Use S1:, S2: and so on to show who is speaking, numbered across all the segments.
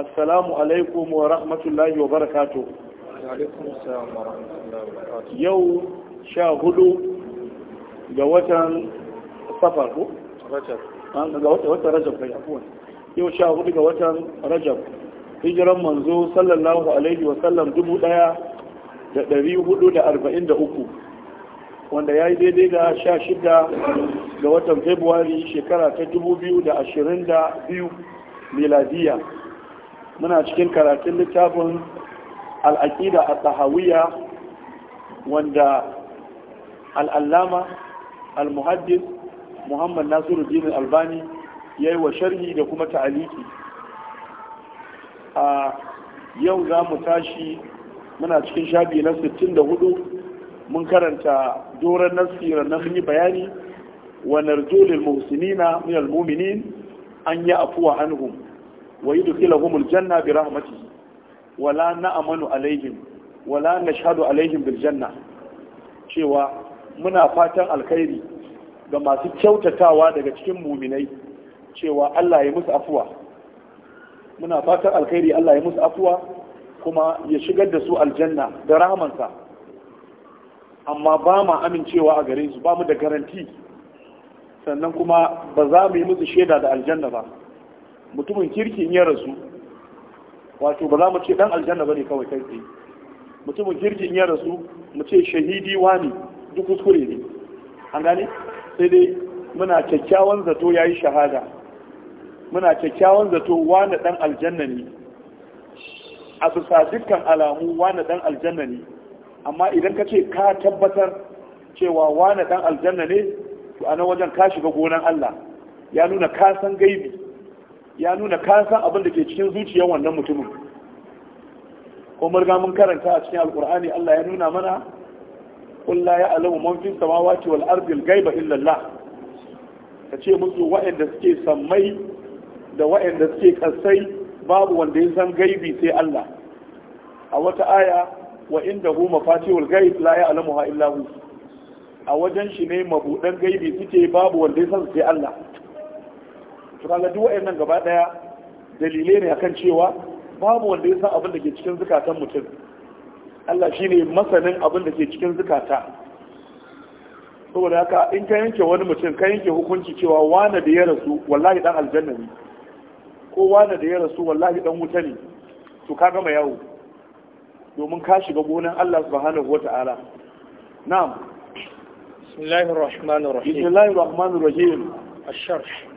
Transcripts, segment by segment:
S1: assalamu alaikum wa rahmatullahi wa barakatuh yau sha hudu ga watan safar ko? Ah, watan rajab kai afuwan yau sha hudu ga watan rajab hijiran manzo sallallahu alaihi wa sallam dubu daya da dari hudu da arba'in da uku wanda ya yi daidai da sha shida ga watan februari shekara ta dubu biyu da ashirin da biyu miladiya muna cikin karatun littafin al'aƙida a tahawiyya wanda al'allama al-muhaddis muhammad nasiru dini albani ya yi wa sharhi da kuma ta'aliki a yau za mu tashi muna cikin shabi na 64 mun karanta doron nasirar na yi bayani wa narjulil muhsinina min al-muminin an yi afuwa anhum wa yudkhiluhumul janna bi rahmatihi wala na'manu alaihim wala nashhadu alaihim bil janna cewa muna fatan alkhairi ga masu kyautatawa daga cikin muminai cewa Allah ya musu afuwa muna fatan alkhairi Allah ya musu afuwa kuma ya shigar da su aljanna da rahamansa amma ba ma amincewa a gare su ba mu da garanti sannan kuma ba za mu yi musu shaida da aljanna ba mutumin kirki in ya rasu wato ba za mu ce dan aljanna bane kawai kai tsaye mutumin kirki in ya rasu mu ce shahidi wani duk kuskure ne an gane sai dai muna kyakkyawan zato yayi shahada muna kyakkyawan zato wani dan aljanna ne a bisa dukkan alamu wani dan aljanna ne amma idan ka ce ka tabbatar cewa wani dan aljanna ne to a nan wajen ka shiga gonan Allah ya nuna ka san gaibi ya nuna kasan abin da ke cikin zuciyar wannan mutumin kuma riga mun karanta a cikin alkur'ani Allah ya nuna mana Kulla ya alamu man fis samawati wal ardi al ghaiba illa Allah ce musu wa'anda suke sammai da wa'anda suke kasai babu wanda ya san gaibi sai Allah a wata aya wa indahu mafatihul ghaib la alamu illa hu a wajen shi ne mabudan gaibi suke babu wanda ya san sai Allah to kaga duk nan gaba daya dalilai ne akan cewa babu wanda ya san abin da ke cikin zukatan mutum Allah shine masanin abin da ke cikin zukata saboda haka in ka yanke wani mutum ka yanke hukunci cewa wane da ya rasu wallahi dan aljanna ne ko wane da ya rasu wallahi dan wuta ne to ka gama yawo domin ka shiga gonan Allah subhanahu wata'ala na'am bismillahir rahmanir rahim bismillahir rahmanir rahim الشرح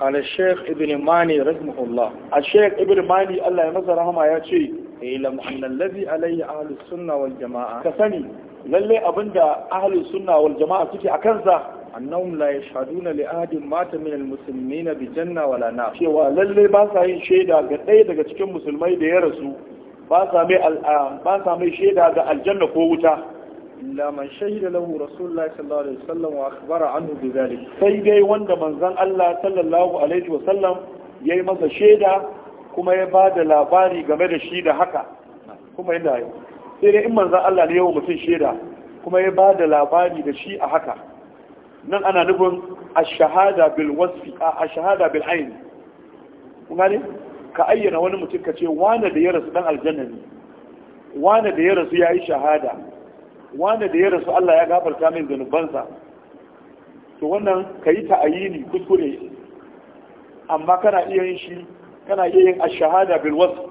S1: قال الشيخ ابن ماني رحمه الله الشيخ ابن ماني الله يمزر رحمه يا شيء إعلم أن الذي عليه أهل السنة والجماعة كسني للي أبدا أهل السنة والجماعة سكي أكنزا أنهم لا يشهدون لأحد مات من المسلمين بجنة ولا نار شوى للي باسا هي شيدا قد أيضا كتكم مسلمين دي يرسو باسا مي, باسا مي شيدا الجنة كوتا illa man shahida lahu rasulullahi sallallahu alaihi wasallam wa akhbara anhu bidhalik sai dai wanda manzon Allah sallallahu alaihi wasallam yayi masa shaida kuma ya ba da labari game da shi da haka kuma yadda ya sai dai in manzon Allah ne yawo mutum shaida kuma ya ba da labari da shi a haka nan ana nufin ash-shahada bil wasfi ash-shahada bil ka ayyana wani mutum ka ce wane da ya rasu da ya rasu shahada wanda da ya rasu Allah ya gafarta min zanubansa to wannan ka yi ta'ayini kuskure amma kana iya yin shi kana iya yin ashahada bil wasu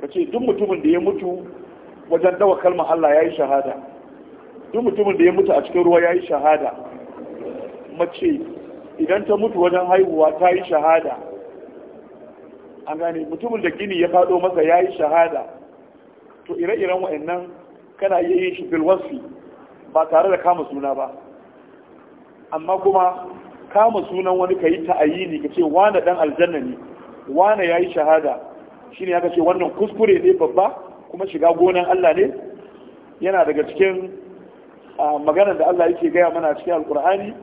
S1: ka ce duk mutumin da ya mutu wajen dawa kalmar Allah ya yi shahada duk mutumin da ya mutu a cikin ruwa ya yi shahada mace idan ta mutu wajen haihuwa ta yi shahada an gane mutumin da gini ya faɗo masa ya yi shahada to ire-iren wa'annan kana iya yin shi filwansi ba tare da kama suna ba amma kuma kama sunan wani ka yi ta'ayini ka ce wane dan aljanna ne wane ya yi shahada shi ne aka ce wannan kuskure ne babba kuma shiga gonan Allah ne yana daga cikin maganar da Allah yake gaya mana cikin alkur'ani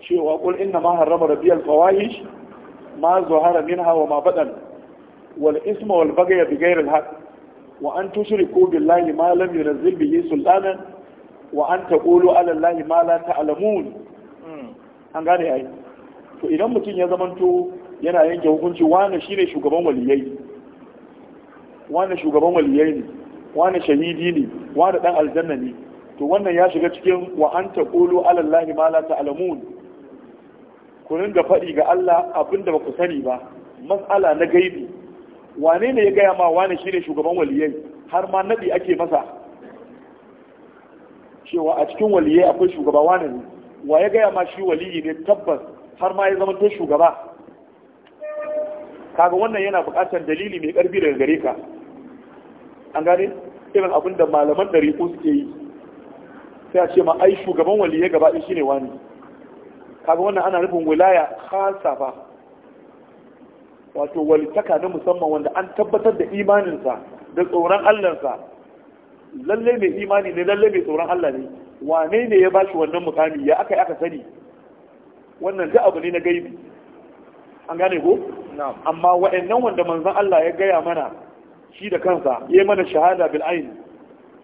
S1: cewa kul inna ma harrama rabbiyal fawahish ma zuhara minha wa ma badan wal isma wal bagaya bi ghairi al haqq wa an tushriku billahi ma lam yunzil bihi sultanan wa an taqulu ala allahi ma la ta'lamun hmm. an gane ai to idan mutum ya zamanto yana yanke hukunci wani shine shugaban waliyai wani shugaban waliyai ne wani shahidi ne wani dan aljanna ne to wannan ya shiga cikin wa an taqulu ala allahi ma la ta'lamun ku ringa faɗi ga Allah abinda ba ku sani ba mas'ala na gaibi wane ne ya gaya ma wane shi ne shugaban waliyai har ma naɗi ake masa cewa a cikin waliyai akwai shugaba wane ne wa ya gaya ma shi waliyi ne tabbas har ma ya zama to shugaba kaga wannan yana buƙatar dalili mai ƙarfi daga gare ka an gane irin abin da malaman ko suke yi sai a ce ma ai shugaban waliyai gaba ɗin shine wani kaga wannan ana nufin wilaya khasa fa wato walittaka na musamman wanda an tabbatar da imaninsa da tsoron Allahnsa Lallai mai imani ne Lallai mai tsoron Allah ne wane ne ya bashi wannan mukami ya aka aka sani wannan duk abu ne na gaibi an gane ko amma wa'annan wanda manzon Allah ya gaya mana shi da kansa yayi mana shahada bil ayn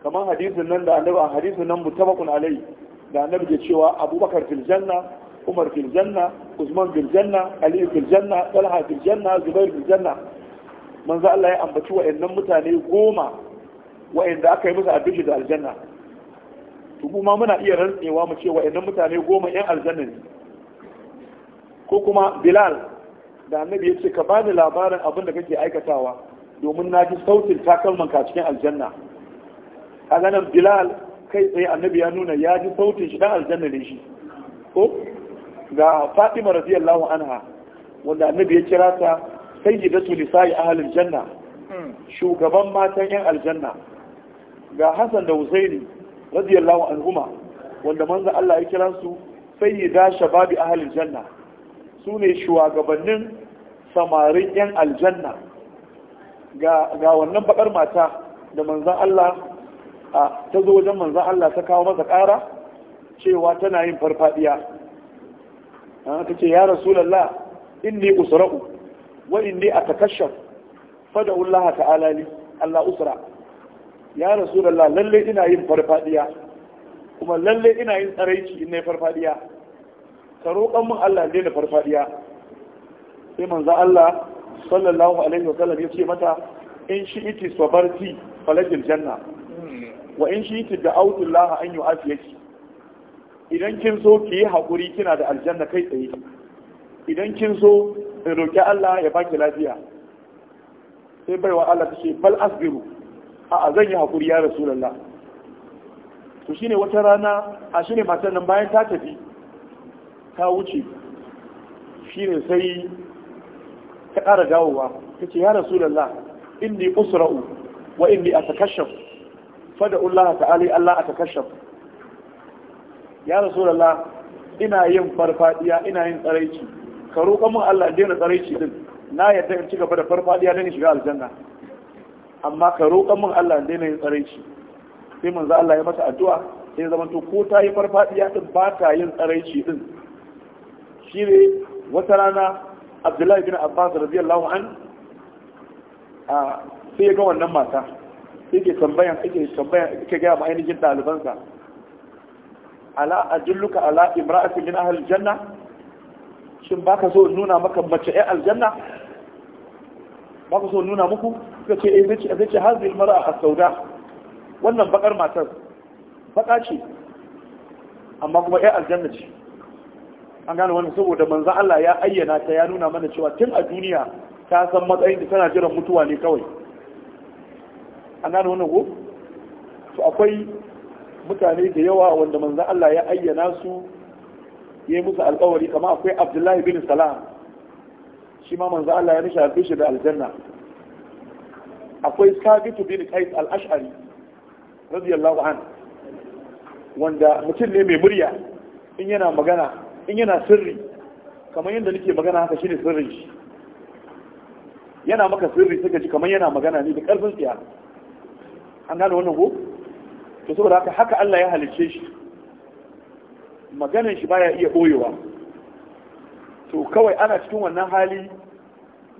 S1: kamar hadisin nan da annabi hadisin nan mutabakun alai da annabi ke cewa abubakar fil janna umar fil usman fil Aliyu ali fil janna talha fil janna zubair fil janna manzo Allah ya ambaci wayannan mutane goma wayanda aka yi masa abinci da aljanna to muna iya rantsewa mu ce wayannan mutane goma yan aljanna ne ko kuma bilal da annabi ya ce ka bani labarin abin da kake aikatawa domin na ji sautin takalman ka cikin aljanna a ganin bilal kai tsaye annabi ya nuna ya ji sautin shi dan aljanna ne shi ga fatima radiyallahu anha wanda annabi ya kira ta sayyidatu lisa'i ahlil janna hmm. shugaban matan yan aljanna ga hasan da husaini radiyallahu anhuma wanda manzo Allah ya kira su sayyida shababi ahlil janna su ne shugabannin samarin yan aljanna ga wannan bakar mata da manzo Allah ta zo wajen manzo Allah ta kawo masa ƙara cewa tana yin farfadiya ta ce ya rasulallah inni usra'u wa inni atakashaf fada'u Allah ta'ala li Allah usra ya rasulallah lalle ina yin farfadiya kuma lalle ina yin tsaraici in nayi farfadiya ka roƙan mun Allah ne na farfadiya sai manzo Allah sallallahu alaihi wa sallam ya ce mata in shi iti sabarti falajil janna wa in shi iti da autullah an yu'afiyaki idan kin so ki yi haƙuri kina da aljanna kai tsaye idan kin so in roƙi Allah ya baki lafiya sai baiwa Allah ta ce bal asbiru a zan yi haƙuri ya rasulullah to ne wata rana a shi ne matan nan bayan ta tafi ta wuce Shi ne sai ta ƙara dawowa ta ce ya rasulullah inni usra'u wa inni atakashaf fada Allah ta'ala Allah atakashaf ya rasu la, ina yin farfadiya ina yin tsaraici ka roƙa mun Allah daina tsaraici din na yadda in ci gaba da farfadiya dan shiga aljanna amma ka roƙa mun Allah daina yin tsaraici sai mun za Allah ya mata addu'a sai zaman to ko ta yi farfadiya din ba ta yin tsaraici din shi ne wata rana Abdullahi bin Abbas radiyallahu an a sai ya ga wannan mata yake tambayan yake tambayan yake ga ma ainihin dalibansa ala ajilluka ala imra'atin min ahli janna shin baka so nuna maka mace ai aljanna baka so nuna muku suka ce eh ce zace hadhihi almar'a as-sauda wannan bakar matar baka ce amma kuma ai aljanna ce an gane wannan saboda manzo Allah ya ayyana ta ya nuna mana cewa tun a duniya ta san matsayin da tana jiran mutuwa ne kawai an gane wannan ko to akwai mutane da yawa wanda manzan Allah ya ayyana su ya yi musu alkawari kama akwai abdullahi bin salam shi ma manzan Allah ya nishi shi da aljanna akwai sabitu bin qais al-ash'ari radiyallahu an wanda mutum ne mai murya in yana magana in yana sirri kamar yadda nake magana haka shine sirrin shi yana maka sirri suka ji kamar yana magana ne da karfin tsiya an gane wannan ko to saboda haka haka Allah ya halicce shi Maganin shi baya iya boyewa to kawai ana cikin wannan hali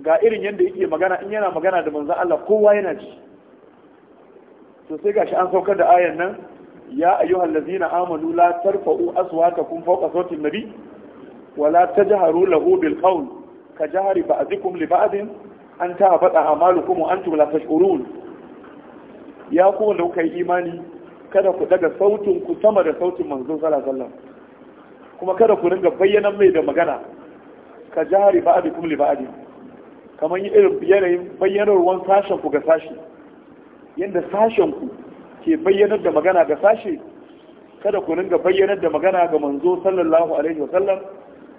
S1: ga irin yadda yake magana in yana magana da manzan Allah kowa yana ji to sai gashi an saukar da ayan nan ya ayyuhal ladzina amanu la tarfa'u aswatakum fawqa sawti nabi wa la tajharu lahu bil qawl ka jahri ba'dikum li ba'din an ta'abada amalukum wa antum la tash'urun ya ku da kai yi imani kada ku daga sautin ku sama da sautin manzon sallallahu alaihi kuma kada ku ringa bayyana mai da magana ka jari ba'adi kuma li ba'adi kamar yi irin yanayin bayyanarwar sashen ku ga sashi yanda sashen ku ke bayyanar da magana ga sashi kada ku ringa bayyanar da magana ga manzo sallallahu alaihi wa sallam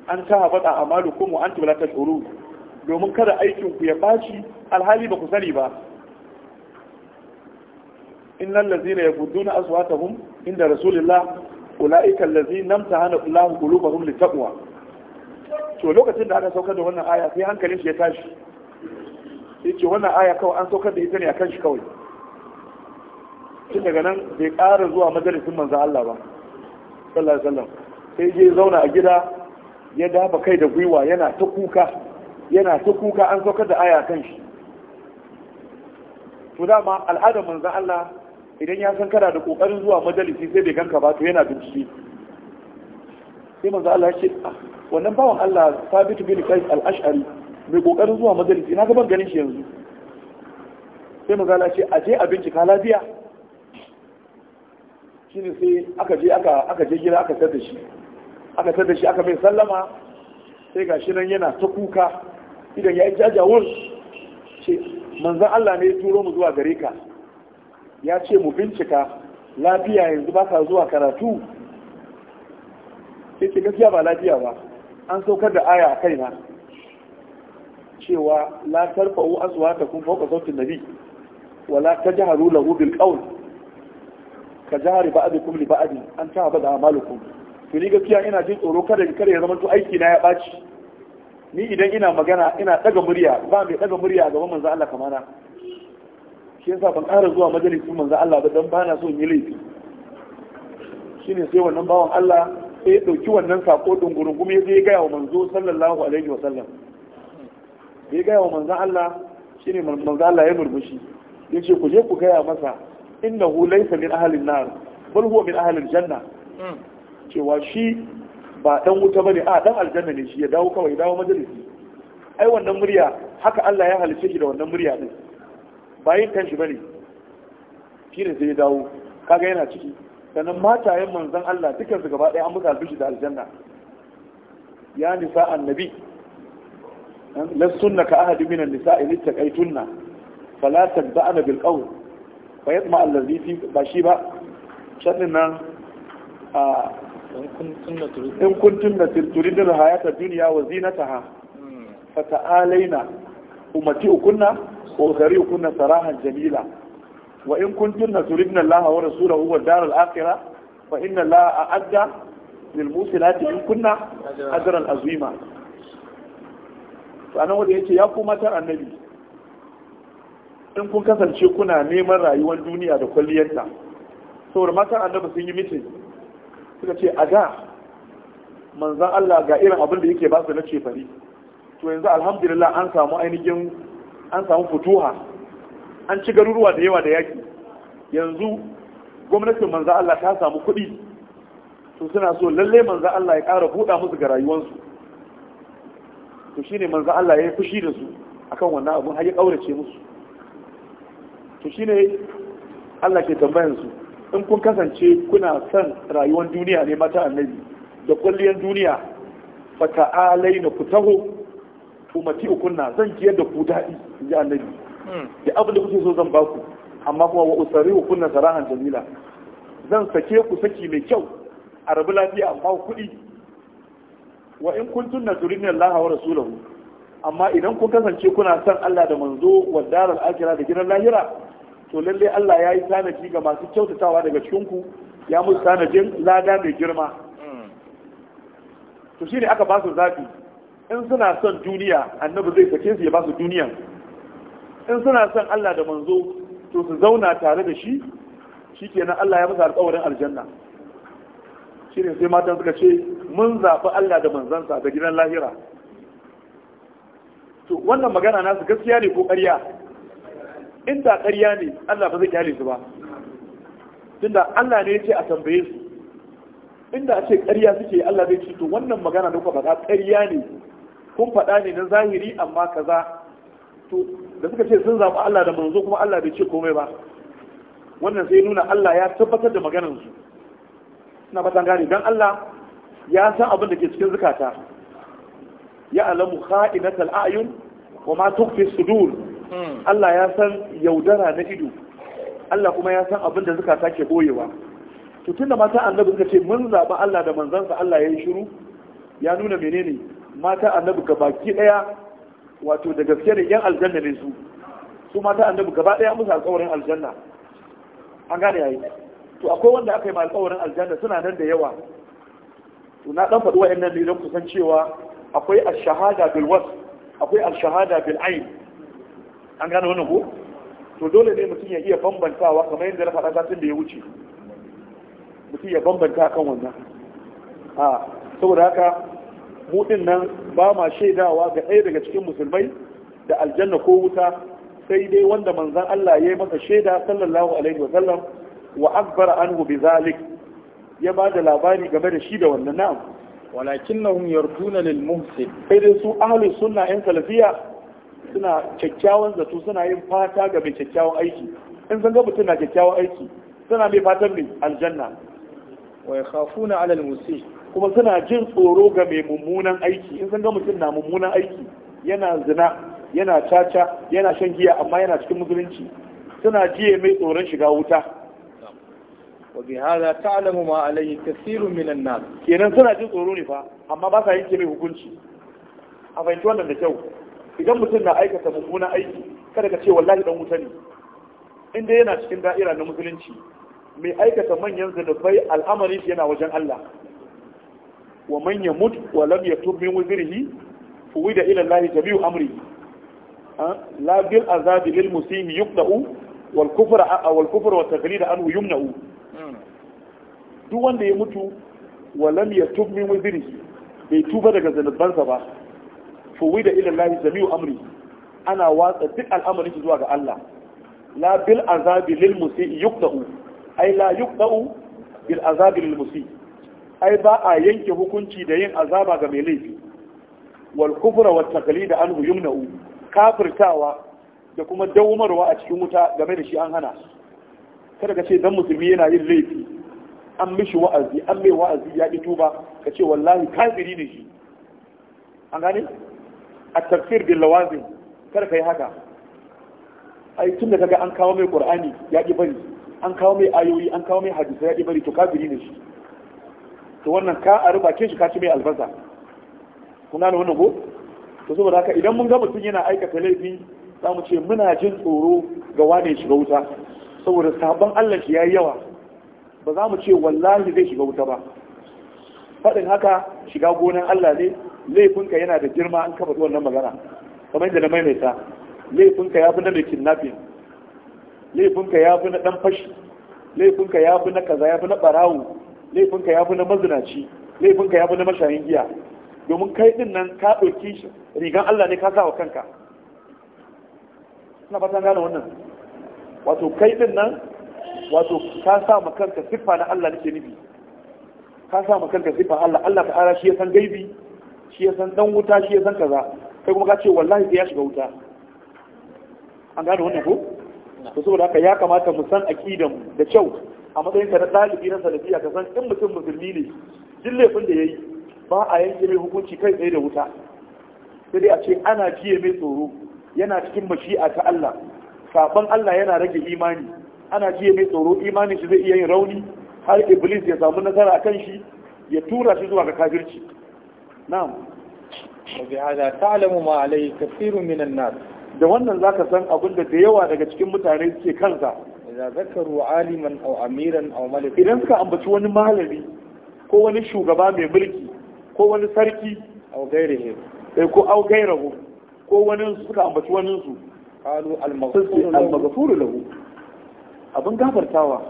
S1: an ta habata amalu wa antum la tashurun domin kada aikin ku ya baci alhali ba ku sani ba innal ladzina yaqudduna aswatahum inda rasulillah ulaika allazina amtahana Allahu qulubahum litaqwa to lokacin da aka saukar da wannan aya sai hankalin shi ya tashi yace wannan aya kawai an saukar da ita ne akan shi kawai tun daga nan bai ƙara zuwa majalisin manzo Allah ba sallallahu alaihi wasallam sai je zauna a gida ya dafa kai da gwiwa yana ta kuka yana ta kuka an saukar da aya kan shi to dama al'adar manzo Allah idan ya san kana da kokarin zuwa majalisi sai bai ganka ba to yana bincike sai manzo Allah ya ah, wannan bawan Allah Sabit bin Qais al-Ash'ari mai kokarin zuwa majalisi na ban ganin shi yanzu sai manzo Allah ya a je a bincika lafiya shine sai aka je aka aka je gida aka tada shi aka tada shi aka mai sallama sai gashi nan yana ta kuka idan ya yi jajawur ce manzon Allah ne ya turo mu zuwa gare ka ya ce mu bincika lafiya yanzu ba ka zuwa karatu sai ce gaskiya ba lafiya ba an saukar da aya a kaina cewa la tarfa'u kun fawqa sawti nabi wala tajharu lahu bil qawl ka jahari ba'dikum li ba'din an bada amalukum to ni gaskiya ina jin tsoro kada in ya zama to aiki na ya baci ni idan ina magana ina daga murya ba mai daga murya a gaban manzo Allah kamar shi yasa ban ƙara zuwa majalisin manzo Allah ba dan bana so in yi laifi shine sai wannan bawan Allah sai ya dauki wannan sako dungurungum ya je ya gaya wa manzo sallallahu alaihi wa sallam ya gaya wa manzo Allah shine manzo Allah ya murmushi Ya ce ku je ku gaya masa innahu laysa min ahli an-nar bal huwa min ahli al-janna hmm. cewa shi ba dan wuta bane a dan aljanna ne shi ya dawo kawai ya dawo majalisi ai wannan murya haka Allah ya halice shi da wannan murya din ba kan shi bane shi ne sai ya dawo kaga yana ciki sannan matayen manzon Allah dukkan su gaba ɗaya an musu albishi da aljanna ya nisa annabi la sunna ka ahadi min an-nisa in ittaqaytunna fala tabda'na bil qawl fa yatma allazi fi ba shi ba shannin nan a in kuntum na turidin hayata duniya wa zinataha hmm. fata'alaina umati ukunna kokari kunna sarahan jamila wa in kuntunna turidna Allah wa rasulahu wa daral akhirah fa inna Allah a'adda lil musilati in kunna ajran azima to anan wanda yace ya ku matar annabi in kun kasance kuna neman rayuwar duniya da kwalliyarta saboda matar annabi sun yi mitin suka ce a da manzan Allah ga irin abin da yake ba su na cefari to yanzu alhamdulillah an samu ainihin an samu fituha an ci garuruwa da yawa da yaki yanzu gwamnatin manza Allah ta samu kuɗi to suna so lalle manza Allah ya ƙara buɗa musu ga rayuwarsu to shine manza Allah ya yi fushi da su akan wannan abun har ya ƙaurace musu to shine Allah ke tambayan su in kun kasance kuna son rayuwar duniya ne mata annabi da kwalliyar duniya alai na ku taho umati ukunna zan ji yadda ku daɗi in ji annabi da abin kuke so zan baku amma kuma wa usari ukunna sarahan jamila zan sake ku saki mai kyau a rabu lafiya amma kuɗi wa in kuntun na turidna Allah wa rasulahu amma idan kun kasance kuna son Allah da manzo wa daral akira da gidan lahira to lalle Allah ya yi tanaji ga masu kyautatawa daga cikin ku ya musu tanajin lada mai girma to shine aka ba su zafi in suna son duniya annabi zai sake su ya ba su duniyan in suna son Allah da manzo to su zauna tare da shi shikenan Allah ya musu alƙawarin aljanna shine sai matan suka ce mun zaɓi Allah da manzansa da gidan lahira to wannan magana nasu gaskiya ne ko ƙarya inda ƙarya ne Allah ba zai kyale su ba tunda Allah ne ya ce a tambaye su inda a ce ƙarya suke Allah zai ce to wannan magana da kuka ba ƙarya ne kun faɗa ne na zahiri amma kaza to da suka ce sun zaɓi Allah da manzo kuma Allah bai ce komai ba wannan sai nuna Allah ya tabbatar da maganar su ina fatan gane dan Allah ya san abin da ke cikin zukata ya alamu kha'inatal a'yun wa ma tukfi sudur hmm. Allah ya san yaudara na ido Allah kuma ya san abin da zukata ke boyewa to tunda mata annabi suka ce mun zaɓi Allah da manzansa Allah ya yi shiru ya nuna menene mata annabi baki daya wato da gaske da yan aljanna ne su su mata annabi gaba daya musu alƙawarin aljanna an gane yayi to akwai wanda aka yi ma alƙawarin aljanna suna nan da yawa to na dan faɗi wa'annan ne don san cewa akwai ash-shahada bil wasf akwai ash-shahada bil ayn an gane wannan ko to dole ne mutum ya iya bambantawa kamar yadda na faɗa satin da ya wuce mutum ya bambanta kan wannan a ah, saboda haka mu nan ba ma shaidawa ga ɗaya daga cikin musulmai da aljanna ko wuta sai dai wanda manzan Allah ya yi masa shaida sallallahu alaihi wa sallam wa akbara anhu bi zalik ya ba da labari game da shi da wannan na'am walakinnahum yarduna lil muhsin sai dai su ahli sunna yan salafiya suna kyakkyawan zato suna yin fata ga mai kyakkyawan aiki in san ga mutum na kyakkyawan aiki suna mai fatan mai aljanna wa yakhafuna ala al kuma suna jin tsoro ga mai mummunan aiki in sun ga mutum na mummunan aiki yana zina yana caca yana shan giya amma yana cikin musulunci suna jiye mai tsoron shiga wuta wa bi ta alamu ma alayhi kathirun kenan suna jin tsoro ne fa amma ba sa yanke mai hukunci a fahimci wannan da kyau idan mutum na aikata mummunan aiki kada ka ce wallahi dan wuta ne in dai yana cikin da'ira na musulunci mai aikata manyan zunubai al'amari yana wajen Allah wa man yamut wa lam yatub min wizrihi fuwida ila Allah jami'u amri la bil azabi lil musimi yuqda'u wal kufra wal kufra wa taqlid anhu yumna'u hmm. duk wanda ya mutu wa lam yatub min wizrihi bai tuba daga zanubansa ba fuwida ila Allah jami'u amri ana watsa duk al'amarin shi zuwa ga Allah la bil azabi lil musii yuqda'u ay la yuqda'u bil azabi lil musii ai ba a yanke hukunci da yin azaba ga mai laifi wal kufra wat taqlid anhu yumna'u kafirtawa da kuma dawumarwa a cikin wuta game da shi an hana kada ka ce dan musulmi yana yin laifi an mishi wa'azi an mai wa'azi ya ki tuba ka ce wallahi kafiri ne shi an gane a tafsir bil lawazim kada ka yi haka ai tun da kaga an kawo mai qur'ani ya ki bari an kawo mai ayoyi an kawo mai hadisi ya ki bari to kafiri ne shi to wannan ka a rubakin shi ka ci mai albasa kun gane wannan ko to saboda haka idan mun ga mutum yana aikata laifi za mu ce muna jin tsoro ga wane shiga wuta saboda sabon Allah shi yayi yawa ba za mu ce wallahi zai shiga wuta ba faɗin haka shiga gonan Allah ne laifinka yana da girma an kafa wannan magana kamar da na maimaita laifinka ya fi na mai kidnapping laifinka ya fi na ɗan fashi laifinka ya fi na kaza ya fi na ɓarawo laifinka ya fi na mazinaci laifinka ya fi na mashayin giya domin kai din nan ka ɗauki rigan Allah ne ka sa wa kanka ina fatan gane wannan wato kai din nan wato ka sa ma kanka siffa na Allah nake nufi ka sa ma kanka siffa Allah Allah ara shi ya san gaibi shi ya san dan wuta shi ya san kaza kai kuma ka ce wallahi sai ya shiga wuta an gane wannan ko to saboda haka ya kamata mu san aqidan da kyau a matsayin ka na ɗalibi na salafiya ka san in mutum musulmi ne duk laifin da ya yi ba a yanke mai hukunci kai tsaye da wuta sai dai a ce ana jiye mai tsoro yana cikin mashi'a ta Allah saban Allah yana rage imani ana jiye mai tsoro imanin shi zai iya yin rauni har iblis ya samu nasara a kan shi ya tura shi zuwa ga kafirci na'am hada ta'lamu ma عليه كثير minan nas da wannan zaka san abin da da yawa daga cikin mutane suke kansa idza zakaru aliman aw amiran aw malik idan suka ambaci wani malami ko wani shugaba mai mulki ko wani sarki aw gairihi sai ko aw gairahu ko wani suka ambaci wani su qalu al-maghfur lahu abin gafartawa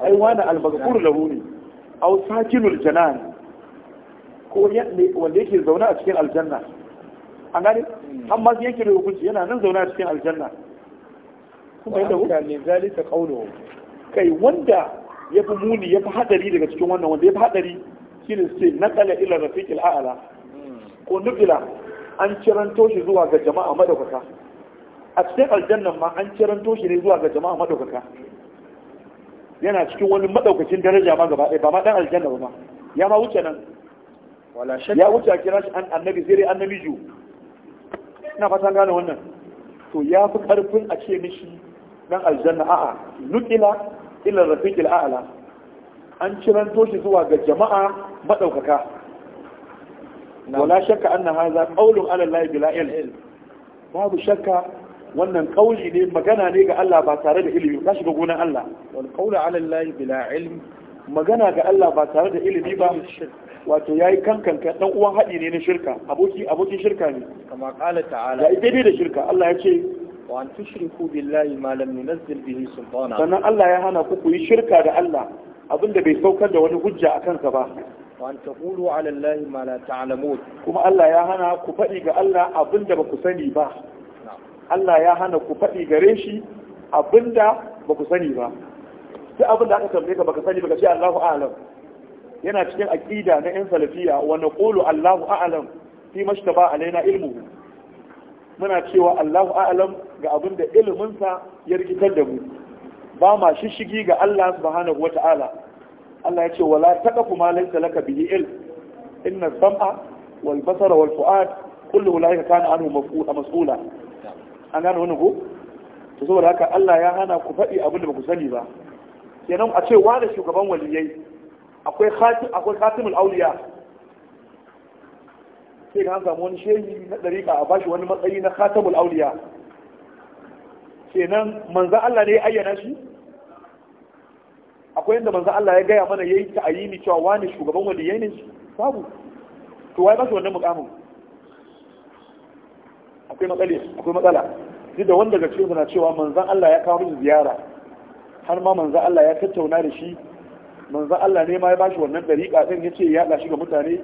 S1: ai wani al-maghfur lahu ne aw sakinul janan ko wanda yake zauna a cikin aljanna an gane amma yake da hukunci yana nan zauna a cikin aljanna kuma yadda wuka ne zalika qawluhu kai wanda ya fi muni ya fi hadari daga cikin wannan wanda ya fi hadari shi ne sai naqala ila rafiqil a'la ko nubila an ciranto shi zuwa ga jama'a madaukaka a cikin aljannan ma an ciranto shi ne zuwa ga jama'a madaukaka yana cikin wani madaukakin daraja ma gaba ɗaya ba ma dan aljanna ba ma ya ma wuce nan ya wuce a kira shi an annabi sai dai annabi ju ina fatan gane wannan to ya fi karfin a ce mishi dan aljanna a'a nukila ila rafiqil a'la an ciranto toshi zuwa ga jama'a madaukaka wala shakka anna hadha qawlun ala allahi bila ilm babu shakka wannan kauli ne magana ne ga Allah ba tare da ilimi ba shiga gonan Allah wal qawlu ala allahi bila ilm magana ga Allah ba tare da ilimi ba wato yayi kankanka dan uwan haɗi ne na shirka aboki abokin shirka ne kama qala ta'ala ya daidai da shirka Allah ya ce wa an tushriku billahi ma lam yunzil bihi sultana sannan Allah ya hana ku ku yi shirka da Allah abinda bai saukar da wani hujja a kansa ba wa an taqulu ala allahi ma kuma Allah ya hana ku faɗi ga Allah abinda ba ku sani ba Allah ya hana ku faɗi gare shi abinda ba ku sani ba duk abinda aka tambaye ka baka sani ba ka Allahu a'lam yana cikin aƙida na yan salafiya wa naqulu Allahu a'lam fi mashtaba alaina ilmuhu muna cewa Allahu a'lam ga abin da iliminsa ya rikitar da mu ba ma shishigi ga Allah subhanahu wata'ala Allah ya ce wala taqafu ma laysa laka bihi ilm inna sam'a wal basara wal fu'ad kullu ulaika kana anhu mas'ula an gane wannan ko to saboda haka Allah ya hana ku faɗi abin da ba ku sani ba kenan a ce da shugaban waliyai akwai khatim akwai khatimul awliya sai ga an samu wani shehi na ɗariƙa a bashi wani matsayi na khatamul auliya kenan manzan Allah ne ya ayyana shi akwai yadda manzan Allah ya gaya mana ya yi ta'ayini cewa wani shugaban waliyai ne shi babu to wai ba shi wannan mukamin akwai matsala akwai matsala duk da wanda daga cikin na cewa manzan Allah ya kawo mishi ziyara har ma manzan Allah ya tattauna da shi manzan Allah ne ma ya bashi wannan ɗariƙa din yace ya yaɗa shi ga mutane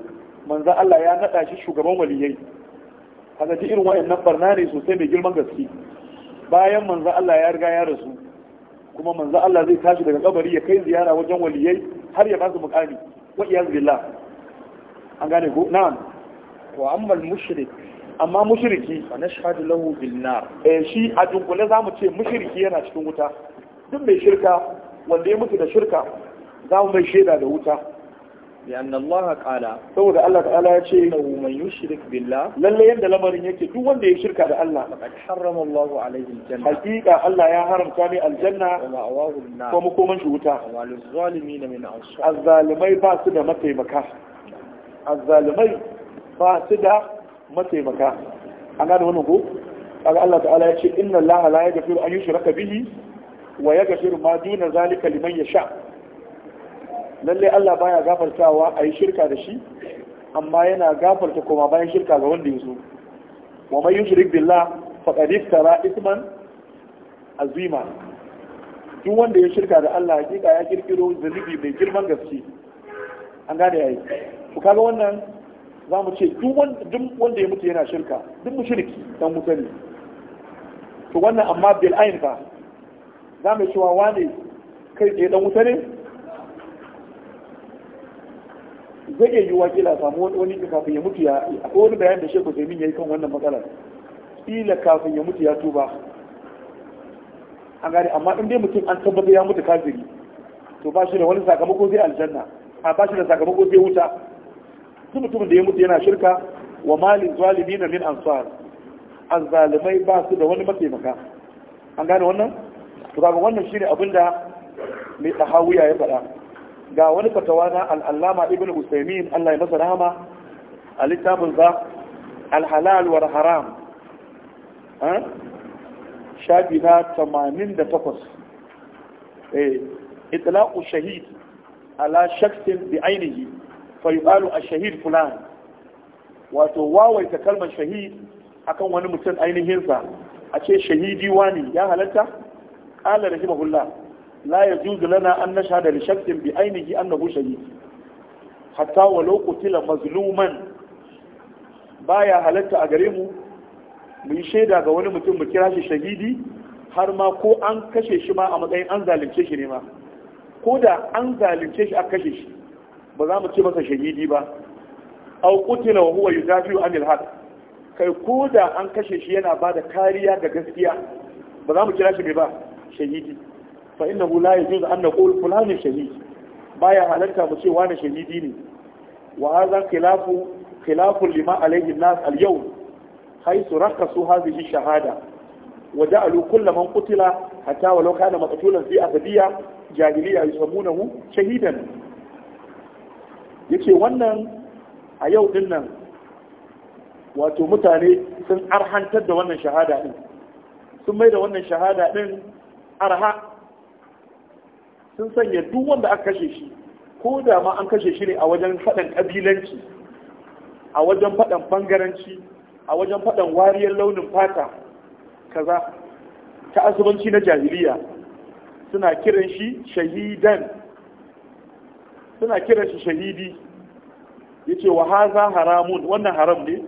S1: manzo Allah ya nada shi shugaban waliyai kaga ji irin nan barna ne sosai mai girman gaske bayan manzo Allah ya riga ya rasu kuma manzo Allah zai tashi daga kabari ya kai ziyara wajen waliyai har ya ba su mukami wa iyaz billah an gane ko na'am wa amma mushrik amma mushriki fa nashhadu lahu bil nar eh shi a dunkule zamu ce mushriki yana cikin wuta duk mai shirka wanda ya mutu da shirka za mu mai shaida da wuta لأن الله قال سود الله تعالى شيء إنه من يشرك بالله لن يند لمر يكي دو وند يشرك على الله فقد حرم الله عليه الجنة حقيقة الله يا حرم كامي الجنة ومأواه النار ومكومن شوتا وما للظالمين من أنصار الظالمي باسد متي مكا الظالمي باسد متي مكا أنا هنا هو قال الله تعالى شيء إن الله لا يغفر أن يشرك به ويغفر ما دون ذلك لمن يشاء lalle Allah baya gafartawa a yi shirka da shi amma yana gafarta kuma bayan shirka ga wanda ya zo wa mai yushrik billah faqad iftara isman azima duk wanda ya shirka da Allah hakika ya kirkiro zunubi mai girman gaske an gane yayi ku kaga wannan za mu ce duk wanda ya mutu yana shirka duk mushriki dan wuta ne to wannan amma bil ayn fa za mu cewa wane kai ɗaya dan wuta ne zai iya yiwuwa kila samu wani kafin ya mutu ya akwai wani bayan da shekwa zaimin ya yi kan wannan matsalar kila kafin ya mutu ya tuba an gane amma in dai mutum an tabbata ya mutu kafiri to ba shi da wani sakamako zai aljanna a ba shi da sakamako zai wuta su mutumin da ya mutu yana shirka wa malin zalimi na min ansar zalimai ba su da wani mataimaka an gane wannan to kaga wannan shine abinda mai tahawiya ya faɗa ga wani fatawa na al'allama ibn usaimin allah ya masa rahama a littafin za alhalal war haram shafi na 88 eh shahid ala shaksin bi ainihi fa yuqalu shahid fulan wato wawaita kalmar shahid akan wani mutum ainihinsa, a ce shahidi wani ya halatta qala rahimahullah la Zuzula na an nashhada li shakkin bi ainihi annahu shahid hatta walau qutila mazluman baya halatta a gare mu mu shaida ga wani mutum mu kira shi shahidi har ma ko an kashe shi ma a matsayin an zalunce shi ne ma ko da an zalunce shi a kashe shi ba za mu ce masa shahidi ba au qutila wa huwa yudafi'u anil haqq kai ko da an kashe shi yana bada kariya ga gaskiya ba za mu kira shi mai ba shahidi fa innahu la yajuz an naqul fulan Ba baya halarta mu ce wani shahidi ne wa hadha khilafu khilafu lima alayhi an-nas al-yawm haythu rakasu hadhihi shahada wa ja'alu kull man qutila hatta walau kana maqtulan fi asadiya jahiliya yusammunahu shahidan yace wannan a yau din nan wato mutane sun arhantar da wannan shahada din sun mai da wannan shahada din arha sun sanya duk wanda aka kashe shi ko da ma an kashe shi ne a wajen faɗan ƙabilanci a wajen faɗan bangaranci a wajen faɗan wariyar launin fata kaza ta asubanci na jahiliya suna kiran shi shahidan suna kiran shi shahidi yace wa haza haramun wannan haram ne